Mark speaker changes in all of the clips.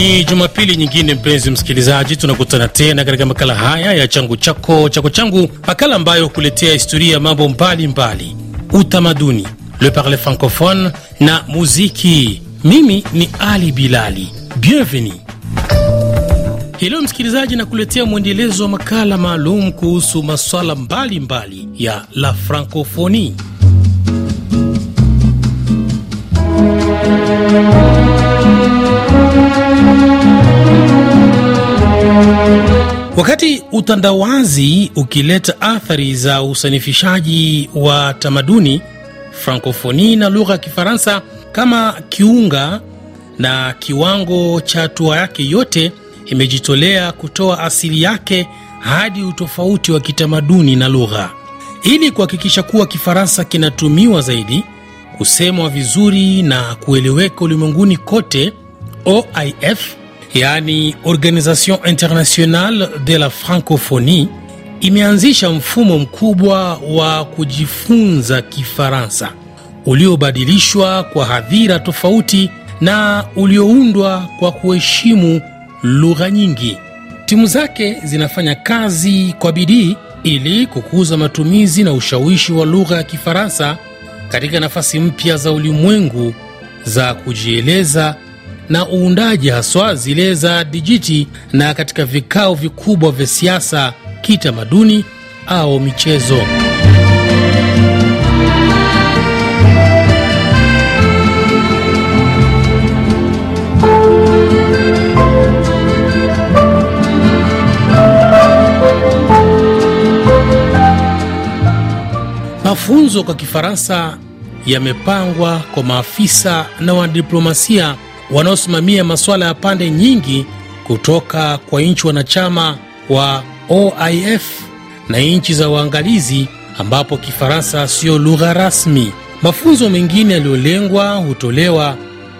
Speaker 1: Ni Jumapili nyingine, mpenzi msikilizaji, tunakutana tena katika makala haya ya changu chako chako changu, makala ambayo hukuletea historia ya mambo mbalimbali, utamaduni, le parle francophone na muziki. Mimi ni Ali Bilali, bienvenue. Hilo msikilizaji, nakuletea mwendelezo wa makala maalum kuhusu maswala mbalimbali mbali ya la francophonie. Wakati utandawazi ukileta athari za usanifishaji wa tamaduni, frankofoni na lugha ya Kifaransa kama kiunga na kiwango cha hatua yake yote imejitolea kutoa asili yake hadi utofauti wa kitamaduni na lugha, ili kuhakikisha kuwa Kifaransa kinatumiwa zaidi, kusemwa vizuri na kueleweka ulimwenguni kote. OIF, yaani Organisation Internationale de la Francophonie, imeanzisha mfumo mkubwa wa kujifunza Kifaransa uliobadilishwa kwa hadhira tofauti na ulioundwa kwa kuheshimu lugha nyingi. Timu zake zinafanya kazi kwa bidii ili kukuza matumizi na ushawishi wa lugha ya Kifaransa katika nafasi mpya za ulimwengu za kujieleza na uundaji haswa zile za dijiti na katika vikao vikubwa vya siasa, kitamaduni au michezo. Mafunzo kwa Kifaransa yamepangwa kwa maafisa na wadiplomasia wanaosimamia masuala ya pande nyingi kutoka kwa nchi wanachama wa OIF na nchi za uangalizi ambapo Kifaransa siyo lugha rasmi. Mafunzo mengine yaliyolengwa hutolewa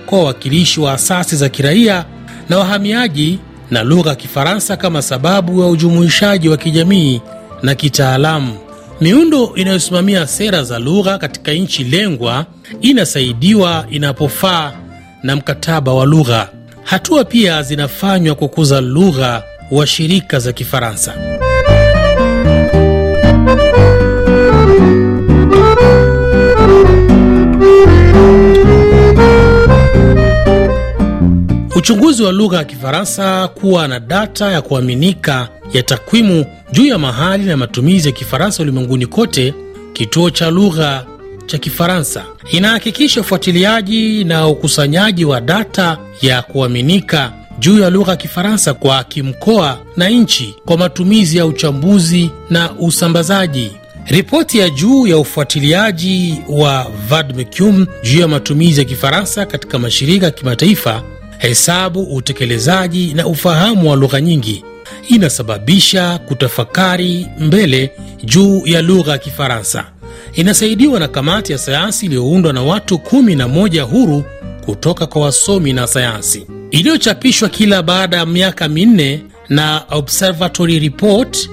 Speaker 1: kwa wawakilishi wa asasi za kiraia na wahamiaji na lugha ya Kifaransa kama sababu ya ujumuishaji wa kijamii na kitaalamu. Miundo inayosimamia sera za lugha katika nchi lengwa inasaidiwa inapofaa na mkataba wa lugha. Hatua pia zinafanywa kukuza lugha wa shirika za Kifaransa. Uchunguzi wa lugha ya Kifaransa kuwa na data ya kuaminika ya takwimu juu ya mahali na matumizi ya Kifaransa ulimwenguni kote. Kituo cha lugha cha Kifaransa inahakikisha ufuatiliaji na ukusanyaji wa data ya kuaminika juu ya lugha ya Kifaransa kwa kimkoa na nchi kwa matumizi ya uchambuzi na usambazaji. Ripoti ya juu ya ufuatiliaji wa Vadmecum juu ya matumizi ya Kifaransa katika mashirika ya kimataifa, hesabu, utekelezaji na ufahamu wa lugha nyingi inasababisha kutafakari mbele juu ya lugha ya Kifaransa inasaidiwa na kamati ya sayansi iliyoundwa na watu 11 huru kutoka kwa wasomi na sayansi iliyochapishwa kila baada ya miaka minne na Observatory Report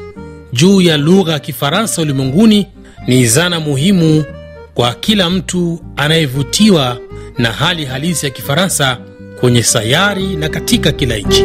Speaker 1: juu ya lugha ya Kifaransa ulimwenguni ni zana muhimu kwa kila mtu anayevutiwa na hali halisi ya Kifaransa kwenye sayari na katika kila nchi.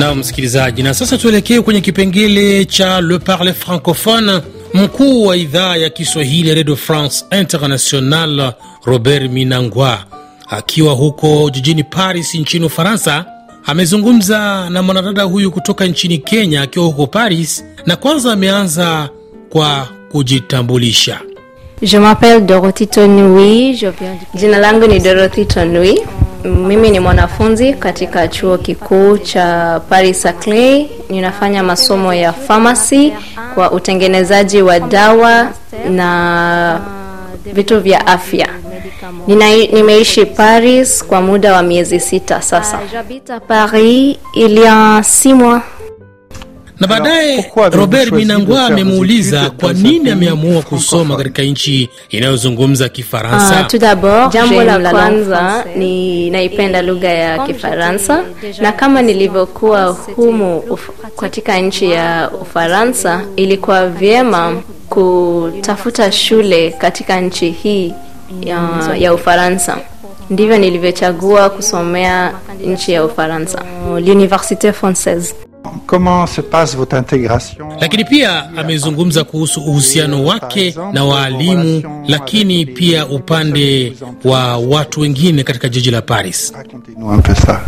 Speaker 1: na msikilizaji. Na sasa tuelekee kwenye kipengele cha Le Parle Francophone. Mkuu wa idhaa ya Kiswahili ya Radio France International Robert Minangwa akiwa huko jijini Paris nchini Ufaransa amezungumza na mwanadada huyu kutoka nchini Kenya akiwa huko Paris, na kwanza ameanza kwa kujitambulisha.
Speaker 2: Je m'appelle Dorothy Tonui. Jina langu ni Dorothy Tonui. Mimi ni mwanafunzi katika chuo kikuu cha Paris Saclay. Ninafanya masomo ya pharmacy kwa utengenezaji wa dawa na vitu vya afya. Nina, nimeishi Paris kwa muda wa miezi sita sasa. J'habite à Paris il y a six mois.
Speaker 1: Na baadaye Robert Minangwa amemuuliza kwa nini ameamua kusoma katika nchi inayozungumza Kifaransa.
Speaker 2: Uh, jambo la kwanza ni naipenda lugha ya Kifaransa, na kama nilivyokuwa humu katika nchi ya Ufaransa, ilikuwa vyema kutafuta shule katika nchi hii ya, ya Ufaransa. Ndivyo nilivyochagua kusomea nchi ya Ufaransa, l'université française.
Speaker 1: Lakini pia amezungumza kuhusu uhusiano wake na waalimu, lakini pia upande wa watu wengine katika jiji la Paris. Ah,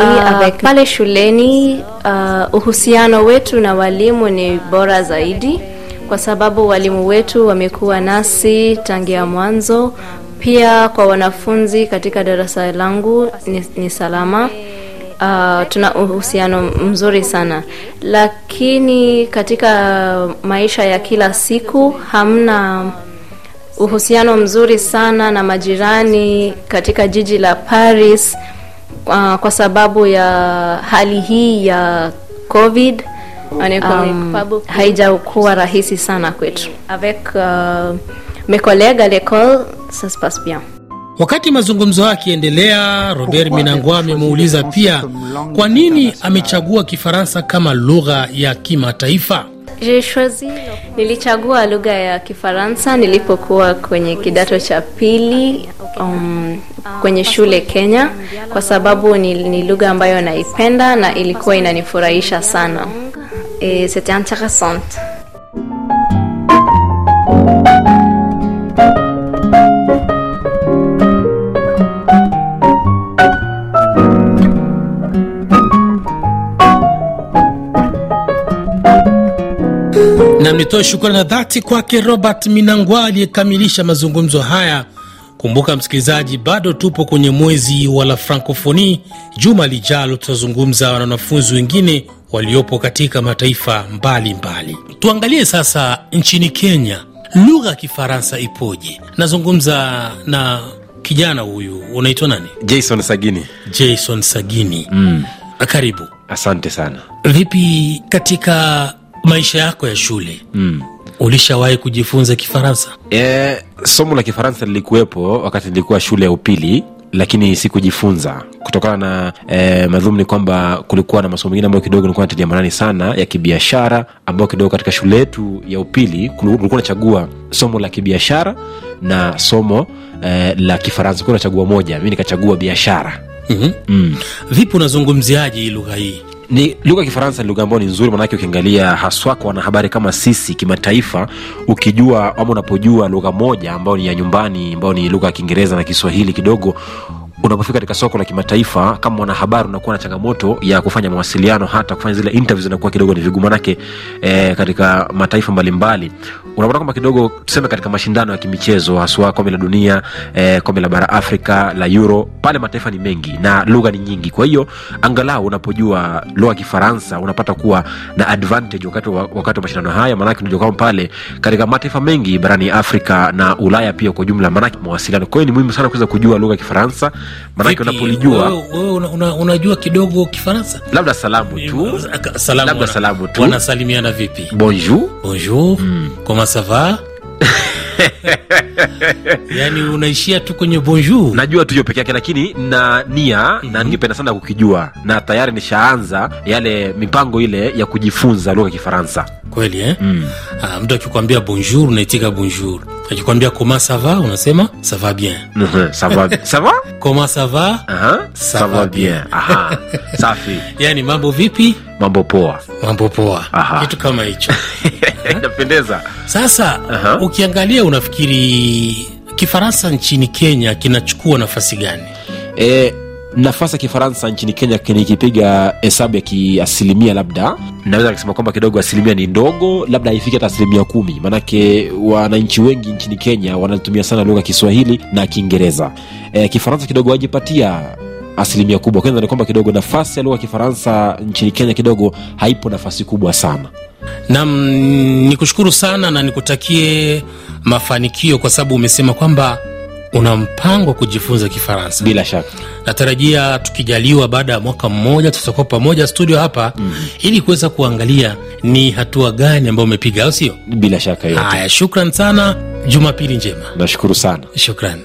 Speaker 2: ah. pale shuleni uh, uhusiano wetu na walimu ni bora zaidi kwa sababu walimu wetu wamekuwa nasi tangia mwanzo pia kwa wanafunzi katika darasa langu ni, ni salama. Uh, tuna uhusiano mzuri sana lakini katika maisha ya kila siku hamna uhusiano mzuri sana na majirani katika jiji la Paris uh, kwa sababu ya hali hii ya COVID um, haijakuwa rahisi sana kwetu avec uh, mes collègues à l'école, ça se passe bien.
Speaker 1: Wakati mazungumzo hayo akiendelea Robert Minangwa amemuuliza pia kwa nini amechagua Kifaransa kama lugha ya kimataifa.
Speaker 2: Nilichagua lugha ya Kifaransa nilipokuwa kwenye kidato cha pili um, kwenye shule Kenya, kwa sababu ni, ni lugha ambayo naipenda na ilikuwa inanifurahisha sana. E, c'était
Speaker 1: na nitoe shukrani na dhati kwake Robert Minangwa aliyekamilisha mazungumzo haya. Kumbuka msikilizaji, bado tupo kwenye mwezi wa la Francofoni. Juma lijalo tutazungumza na wanafunzi wengine waliopo katika mataifa mbalimbali mbali. Tuangalie sasa nchini Kenya, lugha ya Kifaransa ipoje? Nazungumza na kijana huyu, unaitwa nani? Jason Sagini. Jason Sagini, mm. Karibu. Asante sana. Vipi katika maisha yako ya shule mm. ulishawahi kujifunza Kifaransa?
Speaker 3: E, somo la Kifaransa lilikuwepo wakati nilikuwa shule ya upili lakini sikujifunza kutokana na e, madhumuni kwamba kulikuwa na masomo mengine ambayo kidogo nilikuwa natilia manani sana ya kibiashara ambayo kidogo katika shule yetu ya upili kulikuwa nachagua somo la kibiashara na somo e, la kifaransa kuwa nachagua moja mi nikachagua biashara
Speaker 1: mm-hmm. mm. vipi unazungumziaje hii lugha hii
Speaker 3: ni lugha ya Kifaransa ni lugha ambayo ni nzuri, maanake ukiangalia haswa kwa wanahabari kama sisi kimataifa, ukijua ama unapojua lugha moja ambayo ni ya nyumbani ambayo ni lugha ya Kiingereza na Kiswahili kidogo, unapofika katika soko la kimataifa kama mwanahabari unakuwa na changamoto ya kufanya mawasiliano hata kufanya zile interviews zinakuwa kidogo ni vigumu manake e, katika mataifa mbalimbali unapata kwamba kidogo tuseme katika mashindano ya kimichezo haswa kombe la dunia e, kombe la bara afrika la euro pale mataifa ni mengi na lugha ni nyingi kwa hiyo angalau unapojua lugha ya kifaransa unapata kuwa na advantage wakati wa, wakati wa mashindano haya maanake unajua kwamba pale katika mataifa mengi barani afrika na ulaya pia kwa jumla maanake mawasiliano kwa hiyo ni muhimu sana kuweza kujua lugha ya kifaransa maanake unapolijua
Speaker 1: unajua una, una, kidogo Kifaransa, labda salamu tu, eh, salamu labda salamu tu, wanasalimiana vipi? Bonjour, bonjour, mm. comment ça va yani unaishia tu kwenye bonjour. Najua
Speaker 3: tu peke yake, lakini na nia mm-hmm. na mhm. ningependa sana kukijua, na tayari nishaanza yale mipango ile ya kujifunza lugha ya Kifaransa
Speaker 1: kweli eh? mm. Ah, mtu akikwambia bonjour unaitika bonjour akikwambia koma sava unasema sava bien sava koma sava sava bien safi yani mambo vipi mambo poa mambo poa kitu kama hicho inapendeza sasa Aha. ukiangalia unafikiri kifaransa nchini kenya kinachukua nafasi gani
Speaker 3: e, nafasi ya kifaransa nchini kenya nikipiga hesabu ya kiasilimia labda naweza kusema kwamba kidogo asilimia ni ndogo labda haifiki hata asilimia kumi maanake wananchi wengi nchini kenya wanatumia sana lugha kiswahili na kiingereza e, kifaransa kidogo wajipatia asilimia kubwa kwanza ni kwamba kidogo nafasi ya lugha kifaransa nchini kenya kidogo haipo nafasi kubwa sana
Speaker 1: nam nikushukuru sana na nikutakie mafanikio kwa sababu umesema kwamba una mpango wa kujifunza Kifaransa. Bila shaka, natarajia tukijaliwa, baada ya mwaka mmoja tutakuwa pamoja studio hapa mm. ili kuweza kuangalia ni hatua gani ambayo umepiga, au sio? Bila shaka yote. Haya, shukran sana, jumapili njema.
Speaker 3: Nashukuru sana,
Speaker 1: shukran.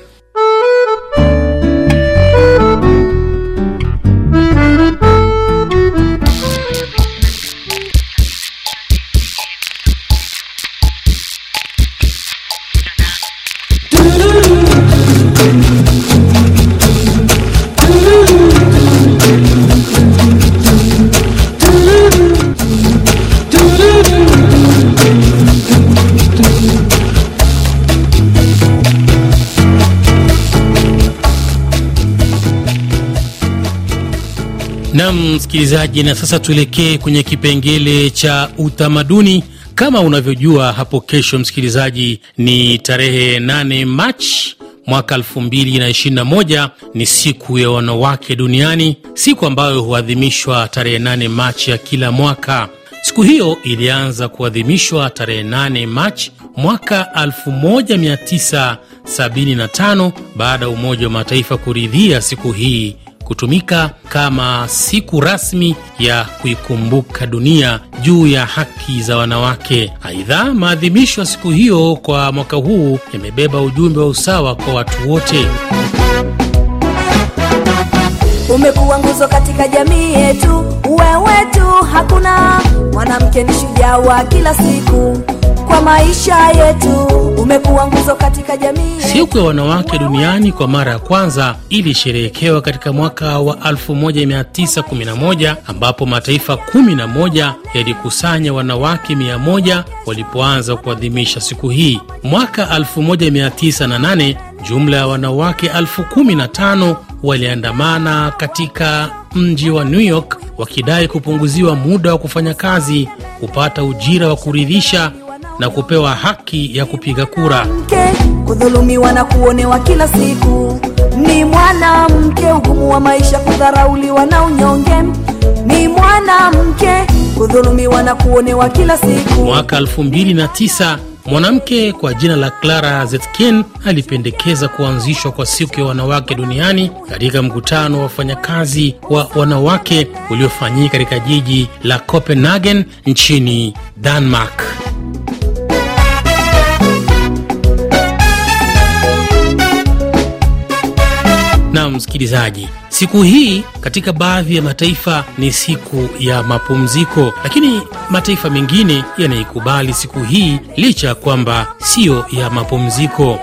Speaker 1: Nam msikilizaji, na sasa tuelekee kwenye kipengele cha utamaduni. Kama unavyojua, hapo kesho, msikilizaji, ni tarehe 8 Machi mwaka 2021 ni siku ya wanawake duniani, siku ambayo huadhimishwa tarehe 8 Machi ya kila mwaka. Siku hiyo ilianza kuadhimishwa tarehe 8 Machi mwaka 1975 baada ya Umoja wa Mataifa kuridhia siku hii kutumika kama siku rasmi ya kuikumbuka dunia juu ya haki za wanawake. Aidha, maadhimisho ya siku hiyo kwa mwaka huu yamebeba ujumbe wa usawa kwa watu wote.
Speaker 2: Umekuwa nguzo katika jamii yetu, wewe tu hakuna. Mwanamke ni shujaa wa kila siku kwa maisha yetu, umekuwa nguzo katika jamii.
Speaker 1: Siku ya wanawake duniani kwa mara ya kwanza ilisherehekewa katika mwaka wa 1911 ambapo mataifa 11 yalikusanya wanawake 100 walipoanza kuadhimisha siku hii. Mwaka 1908 jumla ya wanawake 15,000 waliandamana katika mji wa New York wakidai kupunguziwa muda wa kufanya kazi, kupata ujira wa kuridhisha na kupewa haki ya kupiga kura.
Speaker 2: Kudhulumiwa na kuonewa kila siku ni mwanamke, ugumu wa maisha, kudharauliwa na unyonge ni mwanamke, kudhulumiwa na kuonewa kila siku.
Speaker 1: Mwaka 2009 mwanamke kwa jina la Clara Zetkin alipendekeza kuanzishwa kwa siku ya wanawake duniani katika mkutano wa wafanyakazi wa wanawake uliofanyika katika jiji la Copenhagen nchini Denmark. Na msikilizaji, siku hii katika baadhi ya mataifa ni siku ya mapumziko, lakini mataifa mengine yanaikubali siku hii licha ya kwamba siyo ya mapumziko.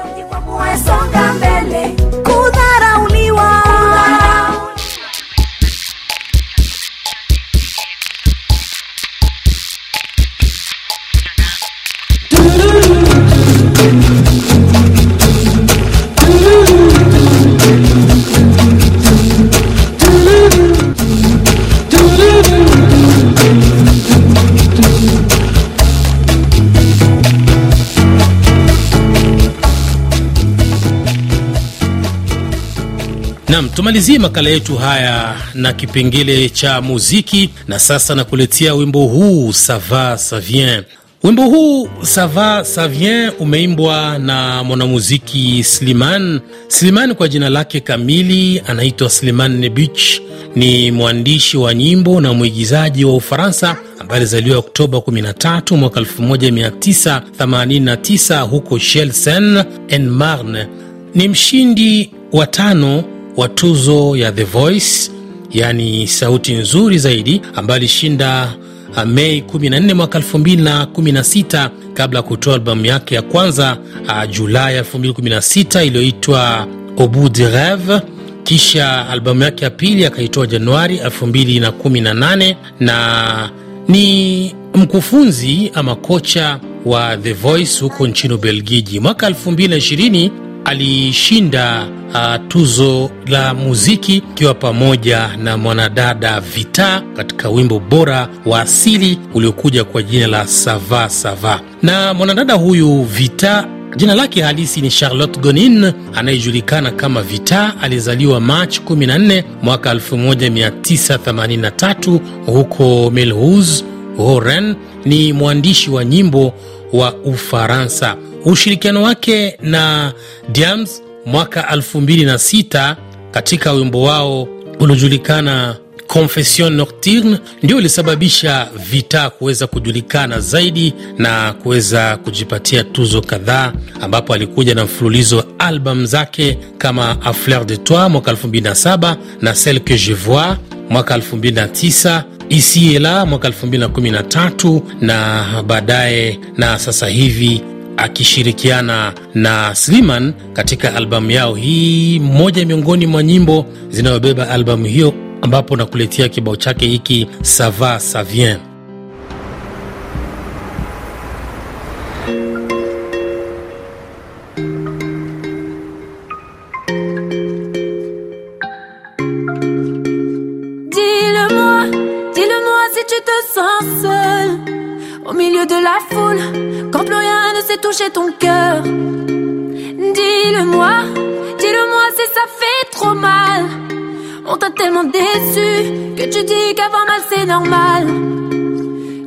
Speaker 1: Tumalizie makala yetu haya na kipengele cha muziki, na sasa nakuletea wimbo huu Sava Savien. Wimbo huu Sava Savien umeimbwa na mwanamuziki Sliman. Sliman kwa jina lake kamili anaitwa Sliman Nebich, ni mwandishi wa nyimbo na mwigizaji wa Ufaransa ambaye alizaliwa Oktoba 13 1989 huko Shelsen en Marne. Ni mshindi wa tano wa tuzo ya The Voice, yani sauti nzuri zaidi, ambayo alishinda uh, Mei 14 mwaka 2016 kabla ya kutoa albamu yake ya kwanza uh, Julai 2016 iliyoitwa Au bout de rêve. Kisha albamu yake ya pili akaitoa Januari 2018 na ni mkufunzi ama kocha wa The Voice huko nchini Ubelgiji. Mwaka 2020 alishinda uh, tuzo la muziki ikiwa pamoja na mwanadada Vita katika wimbo bora wa asili uliokuja kwa jina la Sava Sava. Na mwanadada huyu Vita jina lake halisi ni Charlotte Gonin anayejulikana kama Vita. Alizaliwa Machi 14 mwaka 1983 huko melhus Horen. Ni mwandishi wa nyimbo wa Ufaransa ushirikiano wake na Diams mwaka 2006 katika wimbo wao uliojulikana Confession Nocturne ndio ulisababisha Vita kuweza kujulikana zaidi na kuweza kujipatia tuzo kadhaa, ambapo alikuja na mfululizo wa albamu zake kama A Fleur de Toi mwaka 2007 na Celle que je vois mwaka 2009, Ici et là mwaka 2013 na baadaye na sasa hivi akishirikiana na Sliman katika albamu yao hii, moja miongoni mwa nyimbo zinayobeba albamu hiyo, ambapo nakuletea kibao chake hiki Sava Savien.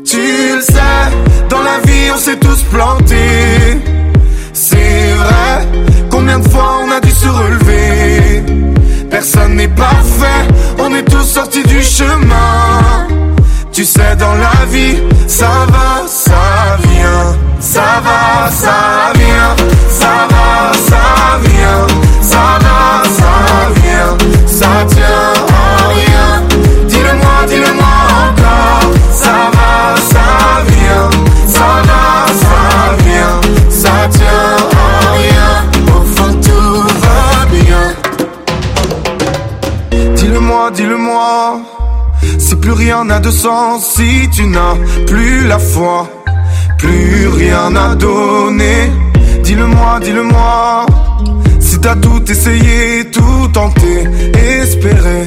Speaker 4: Tu le sais, dans la vie on s'est tous plantés. C'est vrai, combien de fois on a dû se relever. Personne n'est parfait, on est tous sortis du chemin. Tu sais, dans la vie, ça va, ça vient. Ça va, ça vient Dis-le-moi, dis-le-moi. Si plus rien n'a de sens, si tu n'as plus la foi, plus rien à donner. Dis-le-moi, dis-le-moi. Si t'as tout essayé, tout tenté, espéré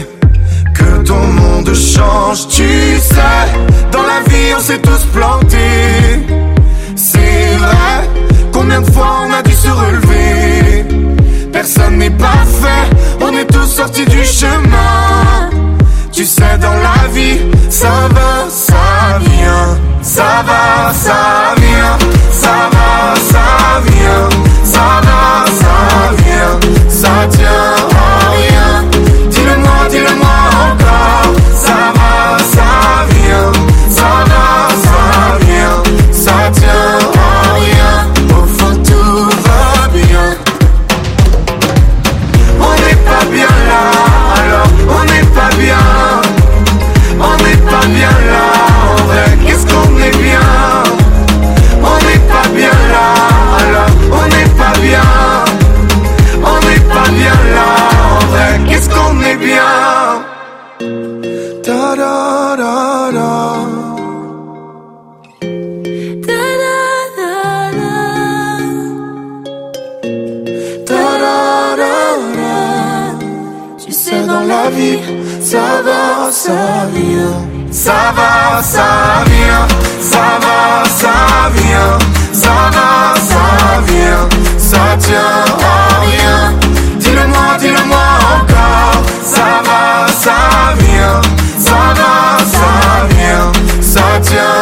Speaker 4: que ton monde change, tu sais. Dans la vie, on s'est tous plantés. C'est vrai, combien de fois on a dû se relever. Personne n'est parfait, on est tous sortis du chemin. Tu sais, dans la vie, ça va, ça vient. Ça va, ça vient. vie, ça va, ça vient. va, ça vient. Ça va, ça vient. Ça va, ça vient. Ça tient. canción.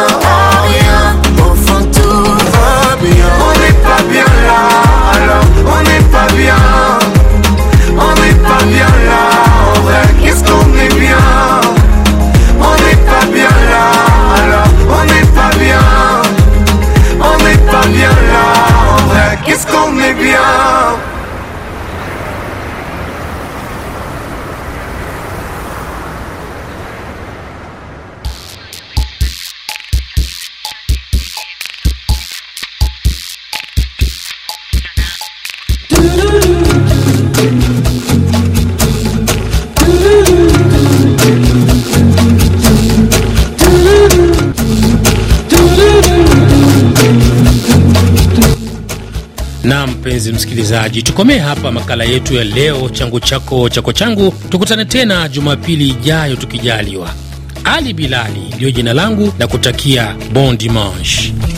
Speaker 1: mpenzi msikilizaji, tukomee hapa makala yetu ya leo, changu chako chako changu. Tukutane tena Jumapili ijayo tukijaliwa. Ali Bilali ndiyo jina langu na kutakia bon dimanche.